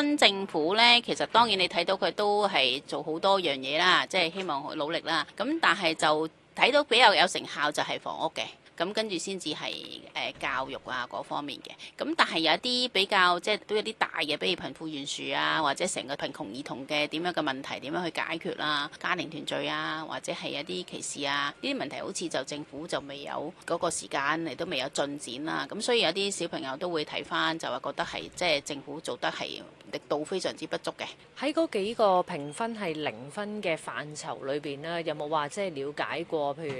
新政府呢，其實當然你睇到佢都係做好多樣嘢啦，即係希望努力啦。咁但係就睇到比較有成效就係房屋嘅。咁跟住先至係誒教育啊，嗰方面嘅，咁但係有一啲比較即係、就是、都有啲大嘅，比如貧富懸殊啊，或者成個貧窮兒童嘅點樣嘅問題點樣去解決啦、啊，家庭團聚啊，或者係一啲歧視啊，呢啲問題好似就政府就未有嗰個時間嚟，也都未有進展啦、啊。咁所以有啲小朋友都會睇翻，就話覺得係即係政府做得係力度非常之不足嘅。喺嗰幾個評分係零分嘅範疇裏邊咧，有冇話即係了解過譬如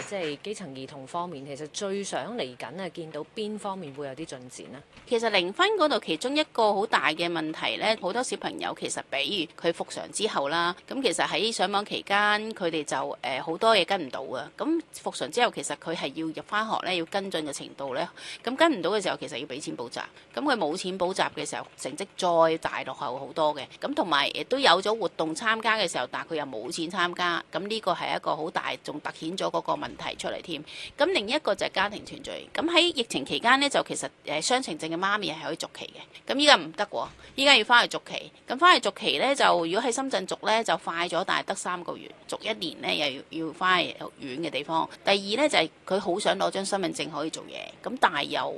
誒即係基層兒童方面？其實最想嚟緊啊，見到邊方面會有啲進展？其實零分嗰度，其中一個好大嘅問題呢，好多小朋友其實，比如佢復常之後啦，咁其實喺上網期間，佢哋就呃、好多嘢跟唔到啊。咁復常之後，其實佢係要入翻學呢，要跟進嘅程度呢。咁跟唔到嘅時候，其實要俾錢補習。咁佢冇錢補習嘅時候，成績再大落後好多嘅。咁同埋亦都有咗活動參加嘅時候，但佢又冇錢參加。咁呢個係一個好大，仲凸顯咗嗰個問題出嚟添。咁另一一個就係家庭團聚，咁喺疫情期間呢，就其實誒雙程證嘅媽咪係可以續期嘅，咁依家唔得喎，依家要翻去續期，咁翻去續期呢，就如果喺深圳續呢，就快咗，但係得三個月，續一年呢，又要要翻去遠嘅地方。第二呢，就係佢好想攞張身份證可以做嘢，咁但係又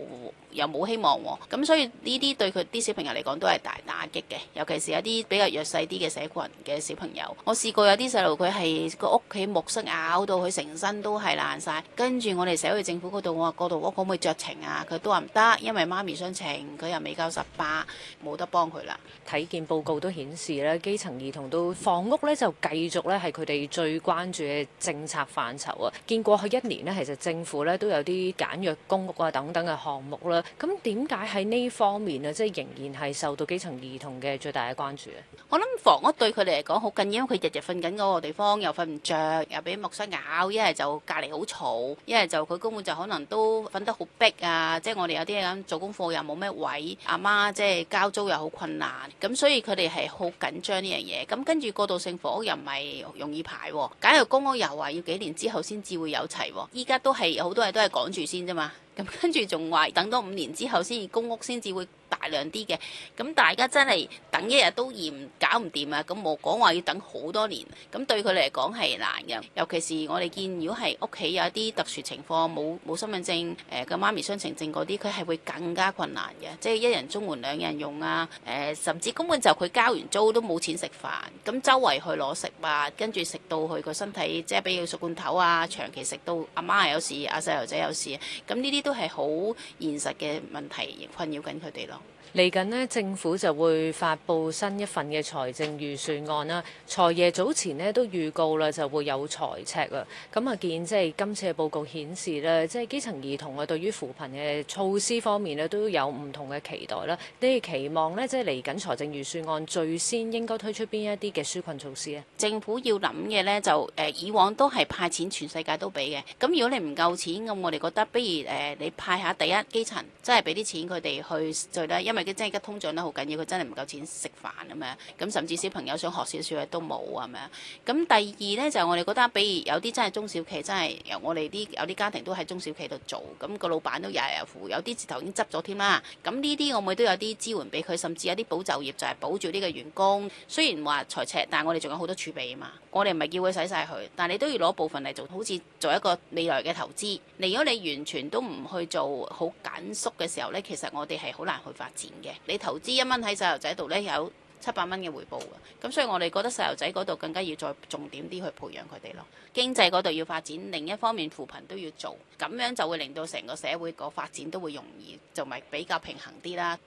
又冇希望喎，咁所以呢啲對佢啲小朋友嚟講都係大打擊嘅，尤其是一啲比較弱勢啲嘅社群嘅小朋友。我試過有啲細路佢係個屋企木虱咬到佢成身都係爛晒。跟住我哋。喺去政府嗰度，我話過渡屋可唔可以酌情啊？佢都話唔得，因為媽咪申請佢又未夠十八，冇得幫佢啦。睇見報告都顯示咧，基層兒童都房屋咧就繼續咧係佢哋最關注嘅政策範疇啊！見過去一年呢，其實政府咧都有啲簡約公屋啊等等嘅項目啦。咁點解喺呢方面啊，即係仍然係受到基層兒童嘅最大嘅關注啊？我諗房屋對佢哋嚟講好緊要，因為佢日日瞓緊嗰個地方又瞓唔着，又俾木虱咬，一係就隔離好嘈，一係就公屋就可能都瞓得好逼啊！即係我哋有啲咁做功課又冇咩位，阿媽即係交租又好困難，咁所以佢哋係好緊張呢樣嘢。咁跟住過渡性房屋又唔係容易排，假如公屋又話要幾年之後先至會有齊，依家都係好多嘢都係趕住先啫嘛。咁跟住仲話等多五年之後先至公屋先至會大量啲嘅，咁大家真係等一日都嫌搞唔掂啊！咁冇講話要等好多年，咁對佢嚟講係難嘅。尤其是我哋見如果係屋企有一啲特殊情況，冇冇身份證、誒嘅媽咪雙程證嗰啲，佢係會更加困難嘅。即係一人租門兩人用啊！誒，甚至根本就佢交完租都冇錢飯食飯，咁周圍去攞食啊！跟住食到佢個身體，即係比如食罐頭啊，長期食到阿媽有事，阿細路仔有事，咁呢啲。都係好現實嘅問題困擾緊佢哋咯。嚟緊咧，政府就會發布新一份嘅財政預算案啦。財爺早前咧都預告啦，就會有財赤啊。咁啊見即係今次嘅報告顯示咧，即係基層兒童啊，對於扶貧嘅措施方面咧都有唔同嘅期待啦。啲期望呢？即係嚟緊財政預算案最先應該推出邊一啲嘅紓困措施啊？政府要諗嘅呢，就誒，以往都係派錢全世界都俾嘅。咁如果你唔夠錢咁，我哋覺得不如誒。你派下第一基層，真係俾啲錢佢哋去，就咧，因為佢真係而家通脹得好緊要，佢真係唔夠錢食飯咁樣，咁甚至小朋友想學少少嘢都冇啊嘛。咁第二呢，就係、我哋覺得，比如有啲真係中小企，真係由我哋啲有啲家庭都喺中小企度做，咁、個老闆都日日負，有啲字頭已經執咗添啦。咁呢啲我咪都有啲支援俾佢，甚至有啲保就業就係保住呢個員工。雖然話財赤，但係我哋仲有好多儲備啊嘛。我哋唔係叫佢使晒佢，但係你都要攞部分嚟做，好似做一個未來嘅投資。如果你完全都唔～去做好緊縮嘅時候呢，其實我哋係好難去發展嘅。你投資一蚊喺細路仔度呢，有七百蚊嘅回報嘅。咁所以我哋覺得細路仔嗰度更加要再重點啲去培養佢哋咯。經濟嗰度要發展，另一方面扶貧都要做，咁樣就會令到成個社會個發展都會容易，就咪比較平衡啲啦。